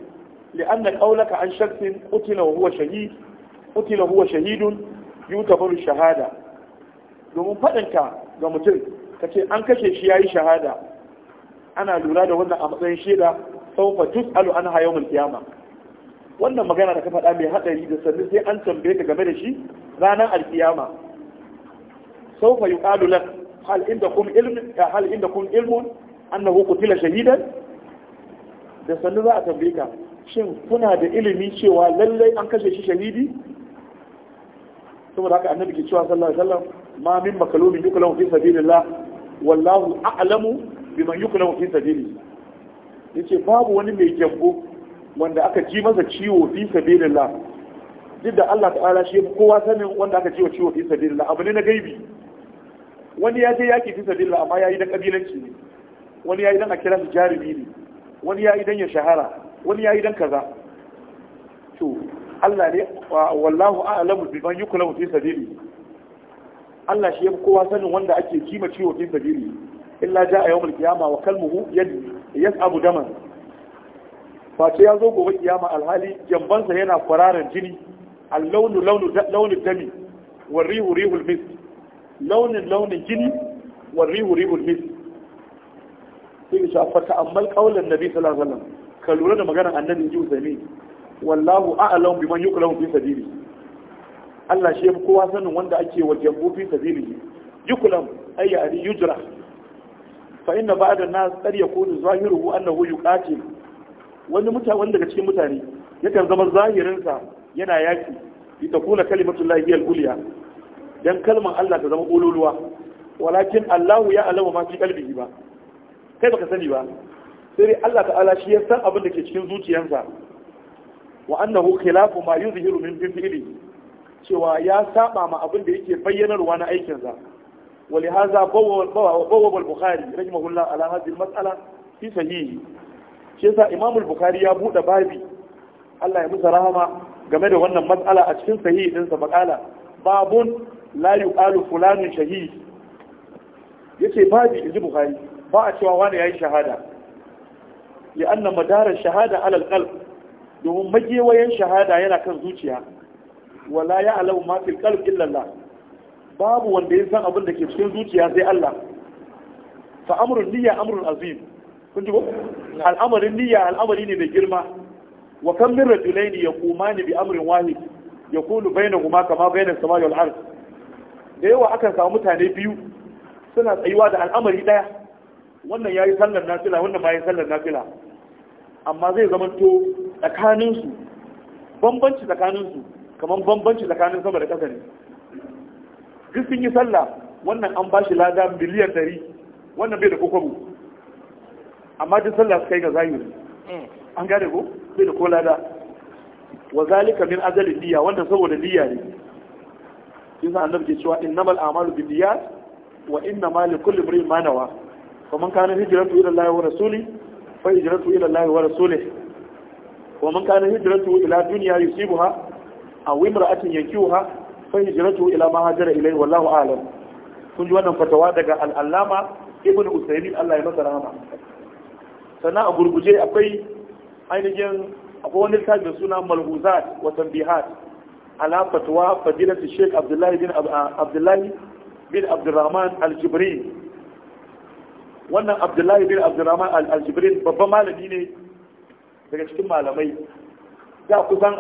S1: li'anna ƙaunaka an shafin qutila huwa shahid qutila huwa shahidun yutabaru shahada domin faɗinka ga mutum ka ce an kashe shi ya yi shahada ana lura da wannan a matsayin shaida sau fa tus alu an hayo mun kiyama wannan magana da ka faɗa mai haɗari da sannu sai an tambaye ka game da shi ranar alkiyama sau fa yuqalu lak hal indakum ilm hal inda kun ilmun annahu qutila shahidan da sannu za a tambaye ka shin kuna da ilimi cewa lallai an kashe shi shahidi saboda haka annabi ke cewa sallallahu alaihi wasallam ma min makalubin yuklamu fi sabilillah wallahu a'lamu biman yuklamu fi sabili yace babu wani mai gyambo wanda aka ji masa ciwo fi sabilillah duk da Allah ta'ala shi kowa sanin wanda aka ji wa ciwo fi sabilillah abu ne na gaibi wani ya je yaki fi sabilillah amma yayi dan kabilanci ne wani yayi dan a kira shi jarumi ne wani yayi dan ya shahara wani yayi dan kaza to Allah ne wallahu a'lamu biman yuklamu fi Allah shi ya fi kowa sanin wanda ake kima ciwo fi sabili illa ja a yawmul qiyama wa kalmuhu yas'abu daman face ya zo gobe kiyama alhali jambansa yana kwararan jini al-launu launu launu dami wa rihu rihul mis launin launin jini wa rihu rihul mis sai ya fa ta'ammal qaulan nabi sallallahu alaihi wasallam ka lura da maganar annabi ji usaimi wallahu a'lam biman yuqlamu fi sabili Allah shi yafi kowa sanin wanda ake wa jambu fi sabilihi yukulam ay yani yujra fa inna ba'da nas qad yakunu zahiruhu annahu yuqatil wani mutane wanda daga cikin mutane yakan zama zahirinsa yana yaki litakuna kalimatullahi hiya al-ulya dan kalmar Allah ta zama ululuwa walakin Allah ya alama ma fi kalbihi ba kai baka sani ba sai dai Allah ta'ala shi ya san abin da ke cikin zuciyarsa wa annahu khilafu ma yuzhiru min fi'li cewa ya saba ma abin da yake bayyanarwa na aikinsa wali haza bawwabal bukhari mahulla ala hadhihi matsala, fi sahihi shi yasa imam bukhari ya buɗe babi Allah ya musa rahama game da wannan matsala a cikin sahihi din sa faqala babun la yuqalu fulanun shahid yace babi inji bukhari ba a cewa wani yayi shahada li anna madara shahada ala al domin magewayen shahada yana kan zuciya wala ya alamu ma fil qalb illa Allah babu wanda ya san abin da ke cikin zuciya sai Allah fa amrun niyya amrun azim kun ji ko al'amarin niyya al'amari ne mai girma wa kam min rajulain yaqumani bi amrin wahid yaqulu bainahuma kama bainas samai wal ard da yawa akan samu mutane biyu suna tsayuwa da al'amari daya wannan yayi sallar nafila wannan ba yayi sallar nafila amma zai zama zamanto tsakaninsu bambanci tsakaninsu kamar bambanci tsakanin sama da ƙasa ne duk sun yi sallah wannan an ba shi lada miliyan ɗari wannan bai da kokobo amma duk sallah suka yi ga zahiri hmm. an gane ko bai da ko lada wa zalika min azali niyya wannan saboda niyya ne sa annabi ke cewa innamal a'malu binniyat wa innama kulli imrin ma nawa man kana hijratu ila Allah wa rasuli fa hijratu ila Allah wa rasuli wa man kana hijratu ila dunya yusibuha aw imra'atin yankihuha fa hijratuhu ila ma hajara ilayhi wallahu a'lam kun ji wannan fatawa daga al-allama ibn usaymin Allah ya masa rahama sannan a gurguje akwai ainihin akwai wani littafi da suna malhuzat wa tanbihat ala fatwa fadilati sheikh abdullahi bin ah, abdullahi bin abdurrahman al-jibrin wannan abdullahi bin abdurrahman al-jibrin babban malami ne daga cikin malamai da kusan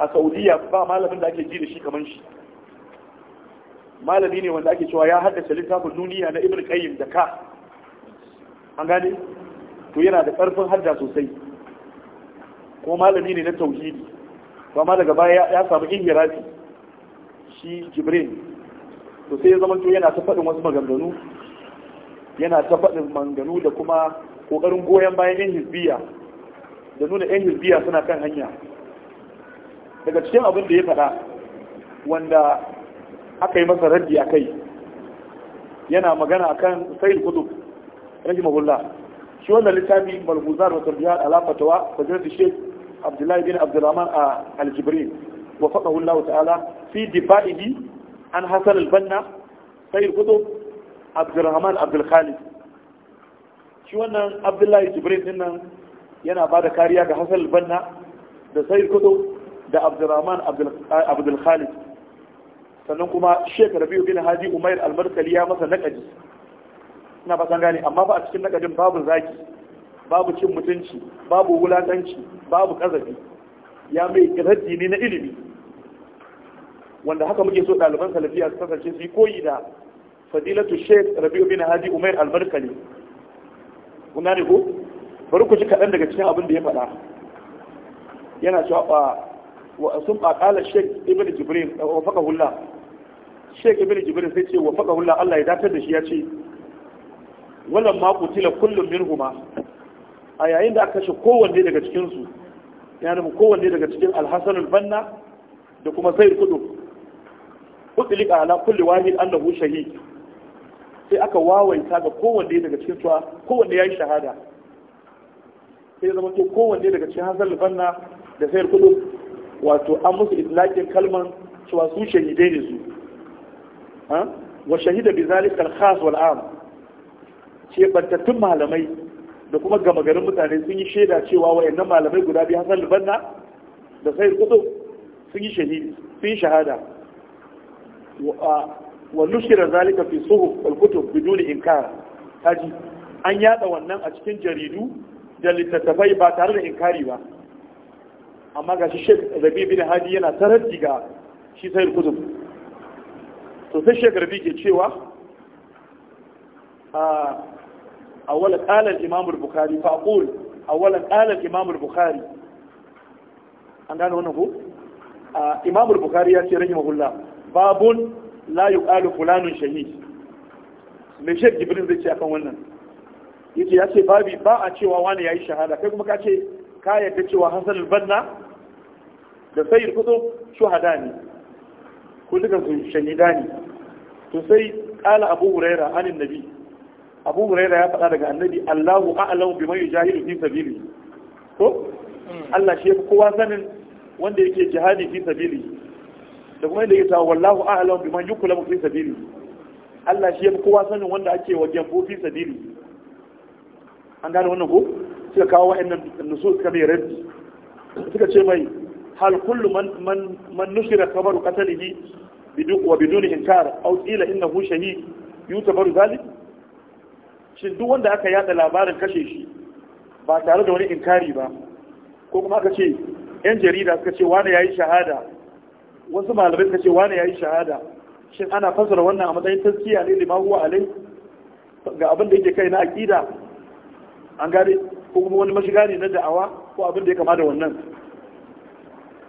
S1: a saudiya ba malamin da ake ji da shi kamar shi malami ne wanda ake cewa ya haddace littafin duniya na ibn qayyim da ka an gane to yana da karfin hadda sosai ko malami ne na tauhidi amma daga baya ya samu inhirafi shi jibril to sai ya zama to yana ta faɗin wasu maganganu yana ta faɗin maganganu da kuma ƙoƙarin goyon bayan yan hizbiya da nuna yan hizbiya suna kan hanya daga cikin abin da ya faɗa wanda aka yi masa raddi a kai yana magana a kan sayil Kudu, rage mahulla shi wannan littafi malhuzar wata biyar alafatawa ta jirgin shek abdullahi bin Abdulrahman a aljibrin wa faɗa wa ta'ala fi difa'ihi an hasar albanna sayil Kudu Abdulrahman abdulkhalid shi wannan abdullahi jibrin din nan yana ba da kariya ga hasar albanna da sayil Kudu. da abdurrahman eh, abdul khalid sannan kuma shek rabiu bin hadi umair almarkali ya masa nakaji ina ba gane amma ba a cikin nakajin babu zaki babu cin mutunci babu wulatanci babu kazafi ya mai raddi ne na ilimi wanda haka muke so ɗaliban salafiya su kasance su yi koyi da fadilatu shek rabiu bin hadi umair almarkali kuna ne ko bari ku ji kaɗan daga cikin abin da ya faɗa yana cewa ah, sun ɓaƙala sheik ibn jibril wa faka hula sheik ibn jibril sai ce wa faka hula allah ya datar da shi ya ce wannan ma kutila kullum min huma a yayin da aka kashe kowanne daga cikinsu ya nufi kowanne daga cikin alhassan albanna da kuma sai kudu kutulik a ala kulli wahid annahu shahid sai aka wawaita ga kowanne daga cikin cewa kowanne ya yi shahada sai zama to kowanne daga cikin hassan albanna da sai kudu wato an musu itlaqin kalman cewa su shahidai ne su wa shahida bi zalika al-khas wal am ce bantattun malamai da kuma gama garin mutane sun yi shaida cewa wayannan malamai guda biyu Hassan Libanna da sai kudu sun yi shahidi sun shahada wa nushira zalika fi suhuf wal kutub bidun inkar Haji an yada wannan a cikin jaridu da littattafai ba tare da inkari ba amma ga shi shek rabi bin hadi yana tarar ga shi sayar kutub to sai shek rabi ke cewa a wala kalar imamul bukari faƙul a wala kalar imamul bukari an gano wannan ko imamul bukari ya ce rahimahullah babun la yuqalu fulanun shahid me shek jibrin zai ce akan wannan yace ya ce babi ba a cewa wani yayi shahada kai kuma ka ce ka yadda cewa hasan banna da sayyid kudu shuhada ne ko duka su shahida ne to sai kala abu huraira anin nabi abu huraira ya faɗa daga annabi allahu a'lamu bi man yujahidu fi sabili ko hmm. Allah shi yafi kowa sanin wanda yake jihadi fi sabili da kuma yadda yake ta wallahu a'lamu bi man yuklamu fi sabili Allah shi yafi kowa sanin wanda ake wa gembo fi sabili an gane wannan ko suka kawo wa'annan nusus suka mai raddi suka ce mai hal kullu man man man nushira kabaru qatalihi bidu wa biduni inkar aw qila innahu shahid yutabaru zalik shin duk wanda aka yada labarin kashe shi ba tare da wani inkari ba ko kuma aka ce yan jarida suka ce wani yayi shahada wasu malamai suka ce wani yayi shahada shin ana fassara wannan a matsayin taskiya ne lima alai ga abin da yake kai na aqida an gane ko kuma wani mashiga ne na da'awa ko abin da ya kama da wannan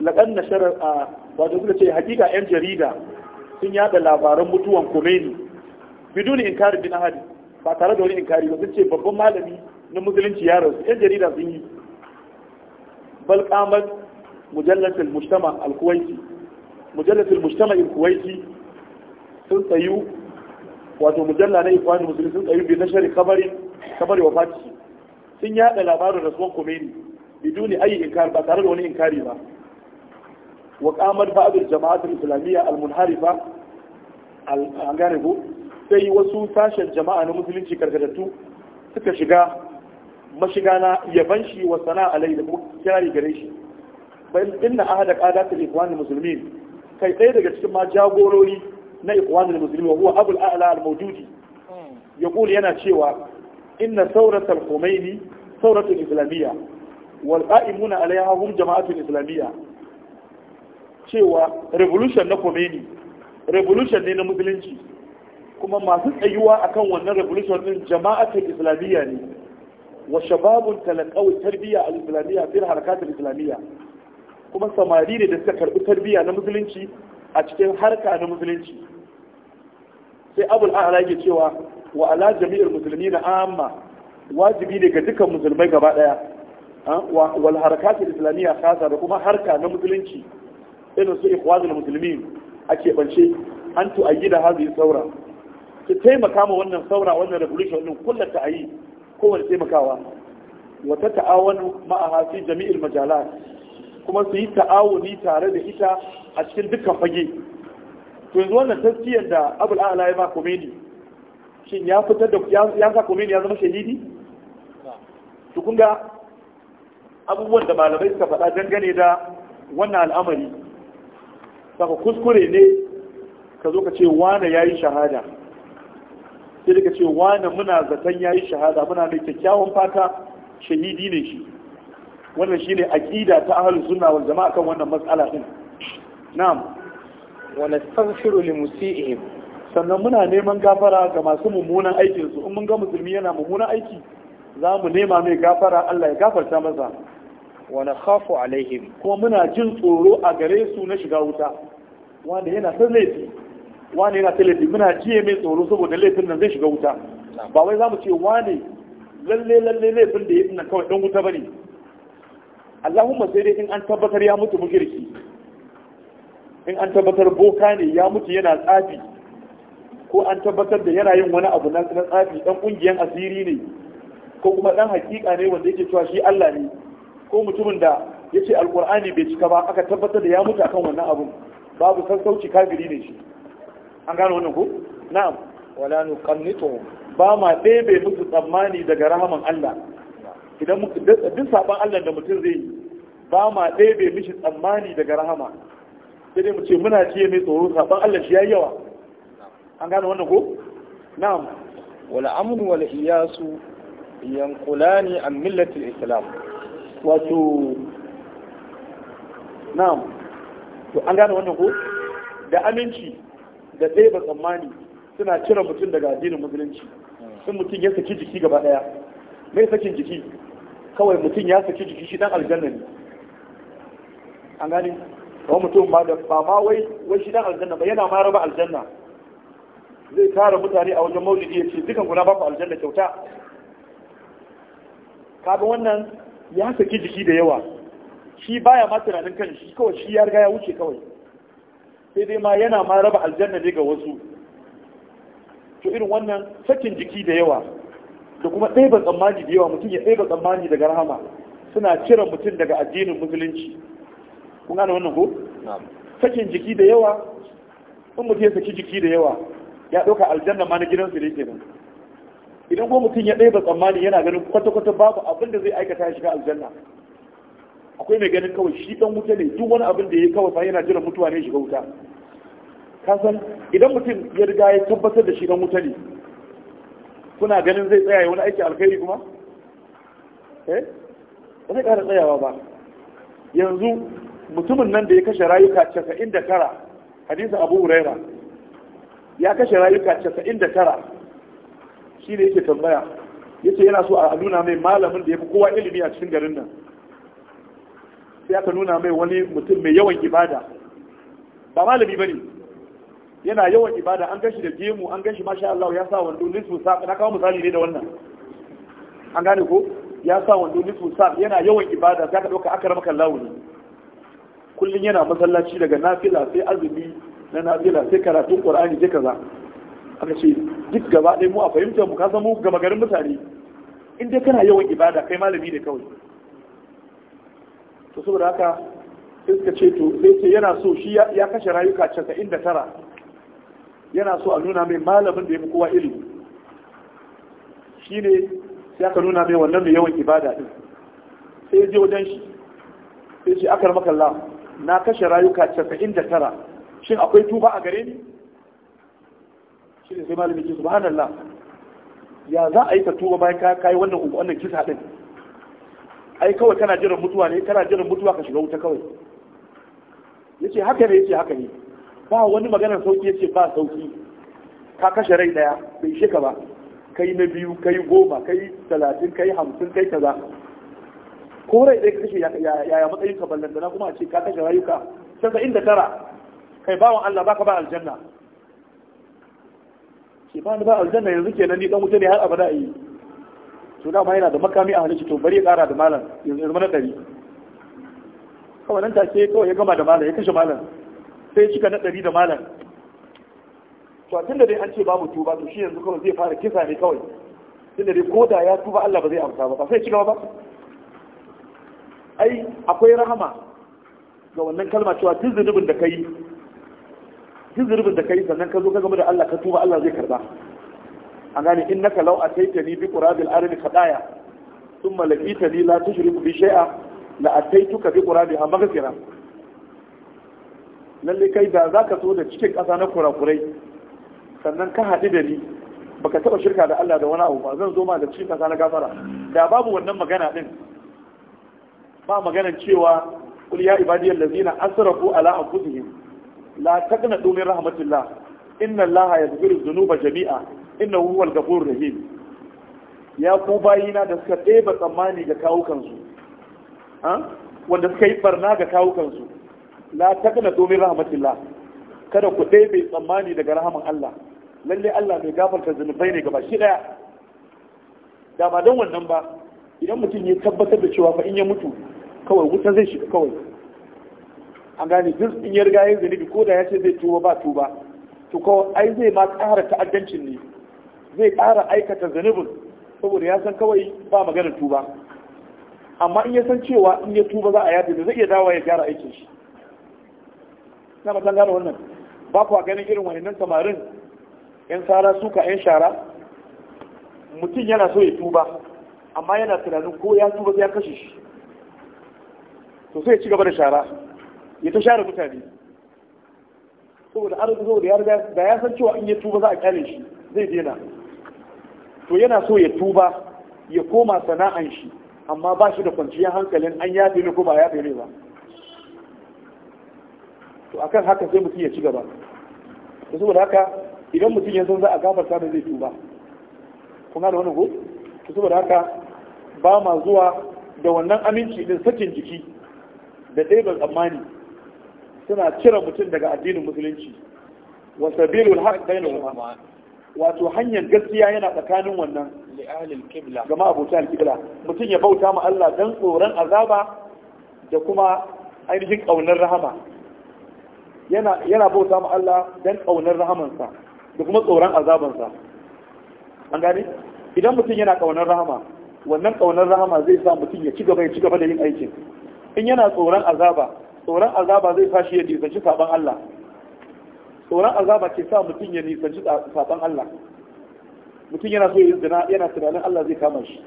S1: laƙan na sharar a wato suka ce hakika 'yan jarida sun yada labaran mutuwan komeni bidun inkari bin ahadi ba tare da wani inkari ba sun ce babban malami na musulunci ya rasu 'yan jarida sun yi balƙamar mujallatul mujtama al-kuwaiti mujallatul mujtama al-kuwaiti sun tsayu wato mujalla na ikwani musulunci sun tsayu bi nashari kabari kabari wa fati sun yada labarin rasuwar Khomeini biduni ayi inkar ba tare da wani inkari ba wa qamar ba'd al-jama'at islamiyya al-munharifa al gane sai wasu sashen jama'a na musulunci karkatattu suka shiga mashiga na yaban shi wa sana'a alai da gare shi bayan inna ahada qadatul ikhwanul muslimin kai ɗaya daga cikin ma jagorori na ikhwanul muslimin wa huwa abul a'la al-mawdudi hmm. yaqul yana cewa inna sauratul khumaini sauratul islamiyya wal qa'imuna alaiha jama'a jama'atul islamiyya cewa revolution na Khomeini revolution ne na musulunci kuma masu tsayuwa akan wannan revolution din jama'atul islamiyya ne wa babu talaqaw tarbiyya al-islamiyya fil harakat al-islamiyya kuma samari ne da suka karɓi tarbiyya na musulunci a cikin harka na musulunci sai abul a'la yake cewa wa ala jami'ar musulmi na amma wajibi ne ga dukkan musulmai gaba daya wal harakatul islamiyya khasa da kuma harka na musulunci irin su ikhwanul muslimin a keɓance an tu'ayyida hadhihi saura Ki taimaka ma wannan saura wannan revolution din kullu ta'ayi kowace taimakawa wa ta ta'awanu ma'a fi jami'il majalat kuma su yi ta'awuni tare da ita a cikin dukkan fage to yanzu wannan taskiyar da abul a'la ya ba komeni shin ya fitar da ya sa Khomeini ya zama shahidi to kun ga abubuwan da malamai suka faɗa dangane da wannan al'amari saka kuskure ne ka zo ka ce wane ya yi shahada sai ka ce wane muna zaton ya yi shahada muna mai kyakkyawan fata shahidi ne shi wannan shi ne aƙida ta ahalus suna wal jama'a kan wannan matsala din na'am wa nastaghfiru li sannan muna neman gafara ga masu mummunan aikinsu in mun ga musulmi yana mummunan aiki za mu nema mai gafara Allah ya gafarta masa wa nakhafu alaihim kuma muna jin tsoro a gare su na shiga wuta wanda yana ta laifi wanda yana ta laifi muna jiye mai tsoro saboda laifin nan zai shiga wuta ba wai za mu ce wane lalle lalle laifin da ya nan kawai dan wuta bane Allahumma sai dai in an tabbatar ya mutu mukirki in an tabbatar boka ne ya mutu yana tsafi ko an tabbatar da yana yin wani abu na tsafi dan kungiyan asiri ne ko kuma dan hakika ne wanda yake cewa shi Allah ne ko mutumin da yace alqur'ani bai cika ba aka tabbatar da ya mutu akan wannan abun babu sassauci kafiri ne shi an gano wannan ko na'am wala nuqannitu ba ma ɗebe musu tsammani daga rahaman Allah idan duk saban Allah da mutum zai yi ba ma ɗebe mishi tsammani daga rahama sai dai mu ce muna ce mai tsoro saban Allah shi yayi yawa an gane wannan ko na'am wala amru wala iyasu yanqulani an millati islam wato na'am to an gane wannan ko da aminci da dai ba tsammani suna cire mutum daga addinin musulunci sun mutum ya saki jiki gaba daya mai sakin jiki kawai mutum ya saki jiki shi dan aljanna ne an gane kawai mutum ba da ba ma wai wai shi dan aljanna ba yana ma raba aljanna zai tara mutane a wajen maulidi ya ce dukan guna ba ku aljanna kyauta kaga wannan ya saki jiki da yawa shi baya ma tunanin kan shi kawai shi ya riga ya wuce kawai sai dai ma yana ma raba aljanna ne ga wasu to irin wannan sakin jiki da yawa da kuma ɗaiba tsammani da yawa mutum ya ɗaiba tsammani daga rahama suna cire mutum daga addinin musulunci kun gane wannan ko sakin jiki da yawa in mutum ya saki jiki da yawa ya ɗauka aljanna ma na gidansu ne kenan idan ko mutum ya ɗaya tsammani yana ganin kwata-kwata babu abin da zai aikata ya shiga aljanna akwai mai ganin kawai shi ɗan wuta ne duk wani abin da ya kawai fa yana jira mutuwa ne shiga wuta kasan idan mutum ya riga ya tabbatar da shi ɗan wuta ne kuna ganin zai tsaya wani aiki alkhairi kuma eh ba zai ƙara tsayawa ba yanzu mutumin nan da ya kashe rayuka casa'in da tara hadisa abu huraira ya kashe rayuka casa'in da tara. shi ne yake tambaya Ya ce yana so a nuna mai malamin da ya fi kowa ilimi a cikin garin nan sai aka nuna mai wani mutum mai yawan ibada ba malami bane yana yawan ibada an gashi da gemu an gashi masha Allah ya sa wando nisfu sa na kawo misali ne da wannan an gane ko ya sa wando nisfu sa yana yawan ibada sai ka dauka aka rama kallawo ne kullun yana masallaci daga nafila sai azumi na nazila sai karatun qur'ani sai kaza aka ce duk gaba ɗaya mu a fahimtar mu ka mu gama garin mutane in dai kana yawan ibada kai malami ne kawai to saboda haka sai suka ce to sai ce yana so shi ya kashe rayuka tara. yana so a nuna mai malamin da ya fi kowa ilimi shi ne sai aka nuna mai wannan mai yawan ibada ɗin sai ya je wajen shi sai ce akar makalla na kashe rayuka tara. shin akwai tuba a gare ni shi ne sai malami ce subhanallah ya za a yi ka tuba bayan ka kai wannan uku wannan kisa din ai kawai kana jiran mutuwa ne kana jiran mutuwa ka shiga wuta kawai yace haka ne yace haka ne ba wani maganar sauki yace ba sauki ka kashe rai daya bai ishe ka ba kai na biyu kai goma kai talatin kai hamsin kai kaza ko rai ɗaya ka kashe yaya matsayin ka na kuma a ce ka kashe rayuka casa'in inda tara kai bawan Allah baka ba aljanna ke ba ni ba aljanna yanzu kenan ni dan wuta ne har abada yi to da ma yana da makami a shi to bari ya kara da malam yanzu mana dari kawai nan take kawai ya gama da malam ya kashe malam sai ya cika na dari da malam to tun da dai an ce babu tuba to shi yanzu kawai zai fara kisa ne kawai tun da dai ko da ya tuba Allah ba zai amsa ba sai ya cika ba ai akwai rahama ga wannan kalma cewa tun zunubin da kai duk zurbin da kai sannan ka zo ka gama da Allah ka tuba Allah zai karba an gane a taita ni bi qurabil ardi qadaya thumma ni la ku bi shai'a la ataituka bi qurabiha maghfira lalle kai da ka so da cikin ƙasa na kurakurai sannan ka haɗu da ni baka taɓa shirka da Allah da wani abu ba zan zo ma da cikin ƙasa na gafara da babu wannan magana ɗin, ba maganar cewa kuliya ya lazina asarafu asrafu ala ne. la taqnatu min rahmatullah, inna allaha yaghfiru dhunuba jami'a innahu huwal ghafurur rahim ya ku bayina da suka ɗeba tsammani ga kawukansu wanda suka yi barna ga kawukansu la takna domin rahmatillah kada ku ɗebe tsammani daga rahaman Allah lalle Allah mai gafarta zunubai ne gaba shi ɗaya da ba don wannan ba idan mutum ya tabbatar da cewa fa in ya mutu kawai wuta zai shiga kawai an gane duk in ya riga yin zunubi ko da ya ce zai tuba ba tuba to ko ai zai ma ƙara ta'addancin ne zai ƙara aikata zunubin saboda ya san kawai ba magana tuba amma in ya san cewa in ya tuba za a yafe da zai iya dawo ya gyara aikin shi na matan gane wannan ba kuwa ganin irin wannan samarin yan sara suka yan shara mutum yana so ya tuba amma yana tunanin ko ya tuba ya kashe shi to sai ya ci gaba da shara ya ta share mutane saboda an saboda ya riga da ya san cewa in ya tuba za a kyale shi zai daina to yana so ya tuba ya koma sana'an shi amma ba shi da kwanciyar hankalin an yafe ne ko ba yafe ne ba to akan haka sai mutum ya ci gaba da saboda haka idan mutum ya san za a gafarta ne zai tuba kuma da wani ko to saboda haka ba ma zuwa da wannan aminci din sakin jiki da ɗaya ba tsammani suna cire mutum daga addinin musulunci wa sabilul haq bainahuma wato hanyar gaskiya yana tsakanin wannan li al qibla gama abota al-qibla mutum ya bauta ma Allah dan tsoron azaba da kuma ainihin kaunar rahama yana yana bauta ma Allah dan kaunar rahamansa da kuma tsoron azabansa an gane idan mutum yana kaunar rahama wannan kaunar rahama zai sa mutum ya ci gaba ya ci gaba da yin aikin in yana tsoron azaba tsoron azaba zai fashi ya nisanci saban Allah tsoron azaba ke sa mutum ya nisanci saban Allah mutum yana so ya yi zina yana tunanin Allah zai kama shi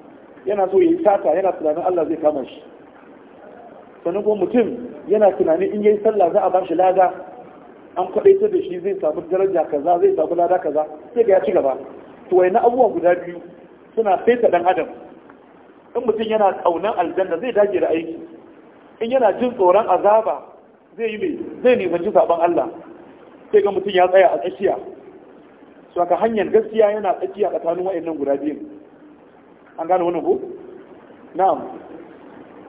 S1: yana so ya yi sata yana tunanin Allah zai kama shi sannan kuma mutum yana tunanin in yi sallah za a ba shi lada an kwadaitar da shi zai samu daraja kaza zai samu lada kaza sai ga ya ci gaba to wayannan abubuwa guda biyu suna fesa dan adam in mutum yana ƙaunar aljanna zai dage da aiki in yana jin tsoron azaba zai yi mai zai ji saban Allah sai ga mutum ya tsaya a tsakiya su aka hanyar gaskiya yana tsakiya a tsakanin wa'annan guda biyu an gane wani ko na'am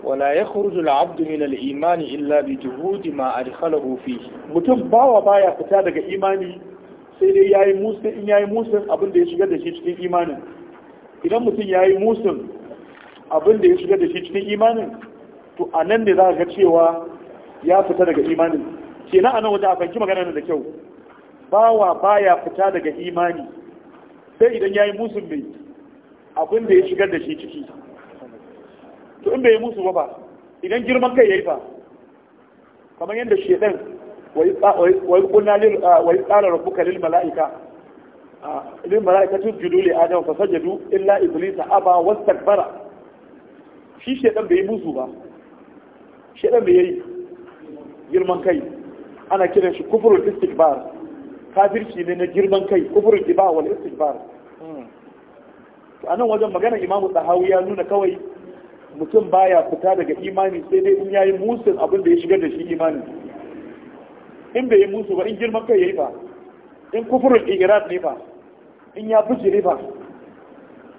S1: wala ya khuruju al-abdu min al imani illa bi juhudi ma adkhalahu fi mutum bawa baya fita daga imani sai dai yayi musun in yayi musun abin da ya shigar da shi cikin imanin idan mutum yayi musun abin da ya shigar da shi cikin imanin to a nan ne za ga cewa ya fita daga imanin ke a nan wajen a fahimci magana da kyau bawa baya fita daga imani sai idan ya yi musu mai abin da ya shigar da shi ciki to in bai yi musu ba idan girman kai ya yi ba kamar yadda shedan wai tsara ka lil mala'ika lil mala'ika tun judu le adam fasajadu illa iblisa aba wastakbara shi shedan bai yi musu ba shedan da yi girman kai ana kiran shi kufrul istikbar kafirci ne na girman kai kufrul iba wal istikbar hmm. to anan wajen magana imamu tahawi ya nuna kawai mutum baya fita daga imani sai dai in yayi musul abin da ya shigar da shi imani in bai yi musu ba in girman kai yayi ba in kufrul igrad ne ba in ya ne ba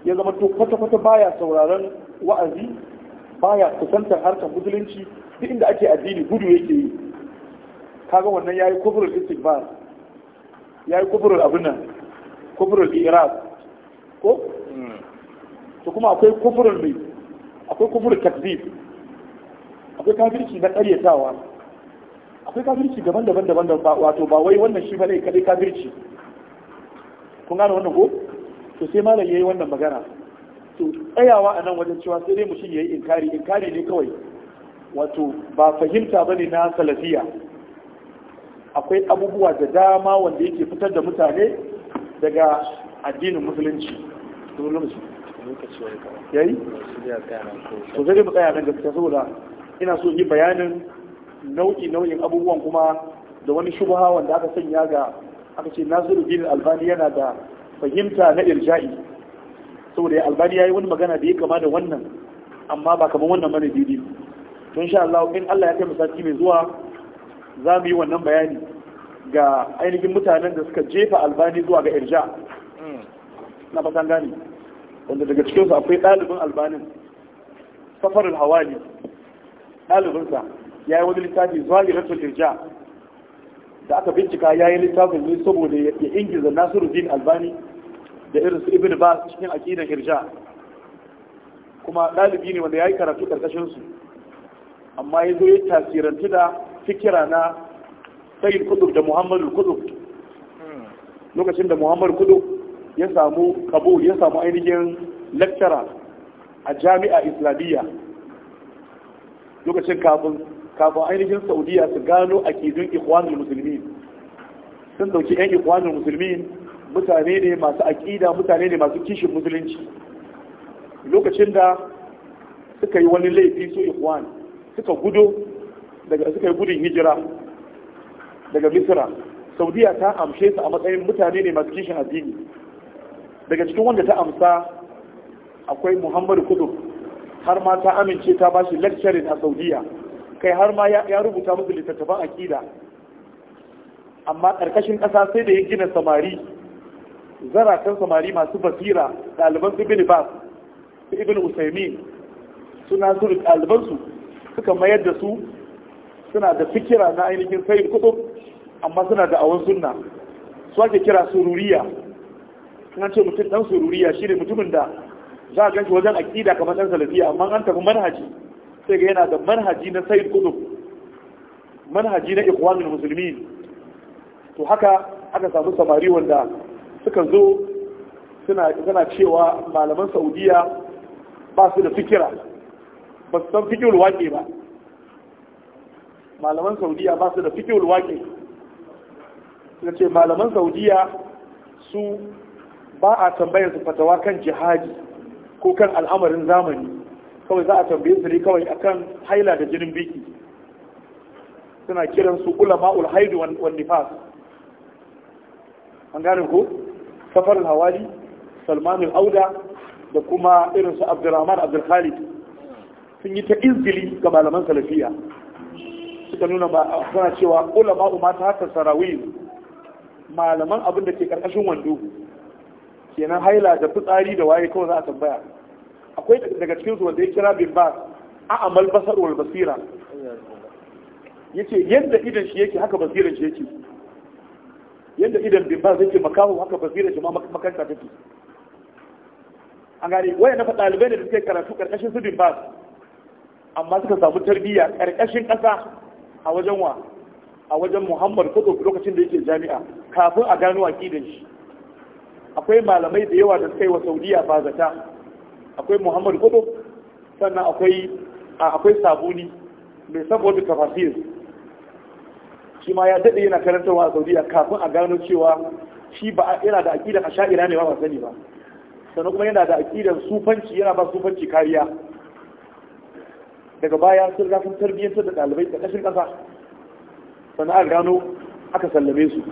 S1: ya zama to kwata-kwata baya sauraron wa'azi baya kusantar harkar musulunci duk inda ake addini gudu yake yi kaga wannan yayi kufrul istighfar yayi kufrul abuna nan kufrul iraq ko hmm. to kuma akwai kufrul mai akwai kufrul takzib akwai kafirci na karyatawa akwai kafirci daban-daban daban da wato ba wai wannan shi bane kadai kafirci kun gane wannan ko to sai malam yayi wannan magana to tsayawa a nan wajen cewa sai dai mu shi yayi inkari inkari ne kawai wato ba fahimta bane na salafiya akwai abubuwa da dama wanda yake fitar da mutane daga addinin musulunci yayi to zai mu tsaya nan gaskiya saboda ina so yi bayanin nau'i nau'in abubuwan kuma da wani shubha wanda aka sanya ga aka ce bin Albani yana da fahimta na irja'i saboda Albani yayi wani magana da ya kama da wannan amma ba kamar wannan bane daidai to insha Allah in Allah ya kai misali mai zuwa za mu yi wannan bayani ga ainihin mutanen da suka jefa albani zuwa ga irja
S2: hmm.
S1: na fatan gani wanda daga cikinsu akwai ɗalibin albanin safarin hawali ɗalibinsa ya yi wani littafi zuwa zahiratul irja da aka bincika ya yi littafin ne saboda ya ingiza nasiruddin albani da irin su ibn ba cikin aƙidan irja kuma ɗalibi ne wanda ya yi karatu ƙarƙashinsu amma ya zo ya tasirantu da fikira na sayin Kudu da muhammadu Kudu. lokacin da muhammadu Kudu ya samu kabul ya samu ainihin lecturer a jami'a islamiyya lokacin kafin kafin ainihin saudiya su gano akidun ikwanin musulmi sun dauki yan ikwanin musulmi mutane ne masu aƙida mutane ne masu kishin musulunci lokacin da suka yi wani laifi su ikwanin suka gudu daga suka yi gudun hijira daga misira saudiya ta amshe su a matsayin mutane ne masu kishin addini daga cikin wanda ta amsa akwai muhammadu kudu har ma ta amince ta bashi lecturing a saudiya kai har ma ya rubuta musu littattafan akida amma ƙarƙashin ƙasa sai da ya gina samari zaratan samari masu basira ɗaliban su ibn su ibn usaimin suna su ɗalibansu suka mayar da su suna da fikira na ainihin sayin kudu, amma suna da awon sunna su ake kira sururiya suna ce mutum dan sururiya shi ne mutumin da za a ganshi wajen aƙida kamar dan salafiya amma an tafi manhaji sai ga yana da manhaji na sayin kudu, manhaji na Ikwamin Musulmi. to haka aka samu samari wanda suka zo suna cewa malaman saudiya ba su da fikira ba su san fiƙi waƙe ba malaman saudiya ba su da fiƙi waƙe na ce malaman saudiya su ba a tambayar su fatawa kan jihadi ko kan al'amarin zamani kawai za a tambaye su ne kawai akan haila da jinin biki suna kiran su ma'ul haidu wan nifas an gane ko safarin hawali salmanul auda da kuma irin su abdurrahman abdulkhalid sun yi ta izgili ga malaman salafiya suka nuna ba suna cewa ulama umma ta haka sarawin malaman abin da ke karkashin wando kenan haila da fitsari da waye kawai za a tambaya akwai daga cikin su wanda ya kira bin ba a amal basar wal basira yace yadda idan shi yake haka basiran shi yake yadda idan bin ba zai makaho haka basiran shi ma makanta take an gane waye na faɗa da suke karatu karkashin su bin ba amma suka samu tarbiyya ƙarƙashin ƙasa a wajen wa a wajen muhammad kudu lokacin da yake jami'a kafin a gano aƙidan shi akwai malamai da yawa da suka yi wa saudiya bazata akwai muhammad kudu sannan akwai akwai sabuni mai saboda tafasir shi ma ya daɗe yana karantarwa a saudiya kafin a gano cewa shi ba yana da aƙidan sha'ira ne ba ba sani ba sannan kuma yana da aƙidan sufanci yana ba sufanci kariya daga baya sun riga sun tarbiyyantar da ɗalibai da kashin ƙasa sannan aka gano aka sallame su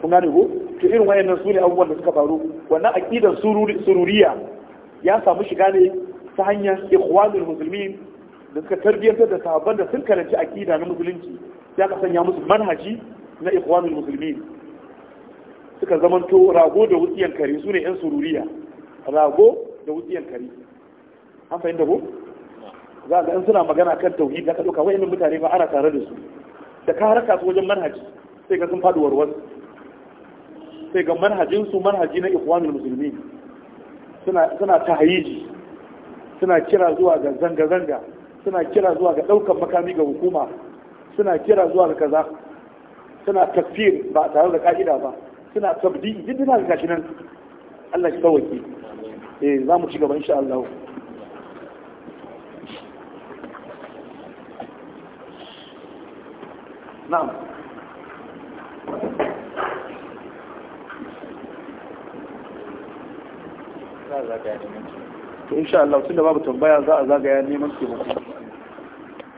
S1: kun gane ko to irin wayannan su ne abubuwan da suka faru wannan aqidar sururiya ya samu shiga ne ta hanyar ikhwanul muslimin da suka tarbiyyantar da sahabban da sun karanci aqida na musulunci ya ka sanya musu manhaji na ikhwanul muslimin suka zamanto rago da wutsiyan kare su ne yan sururiya rago da wutsiyan kare an fahimta ko za ga in suna magana kan da ka dauka wayannan mutane ba ana tare da su da ka haraka su wajen manhaji sai ga sun fadi warwar sai ga manhajin su manhaji na ikhwanul musulmi, suna suna tahayyiji suna kira zuwa ga zanga zanga suna kira zuwa ga ɗaukar makami ga hukuma suna kira zuwa ga kaza suna tafsir ba tare da ka'ida ba suna tabdi duk da gashi nan Allah shi kawai eh za mu ci gaba insha Allah na'am to insha Allah tunda babu tambaya za a zagaya neman taimako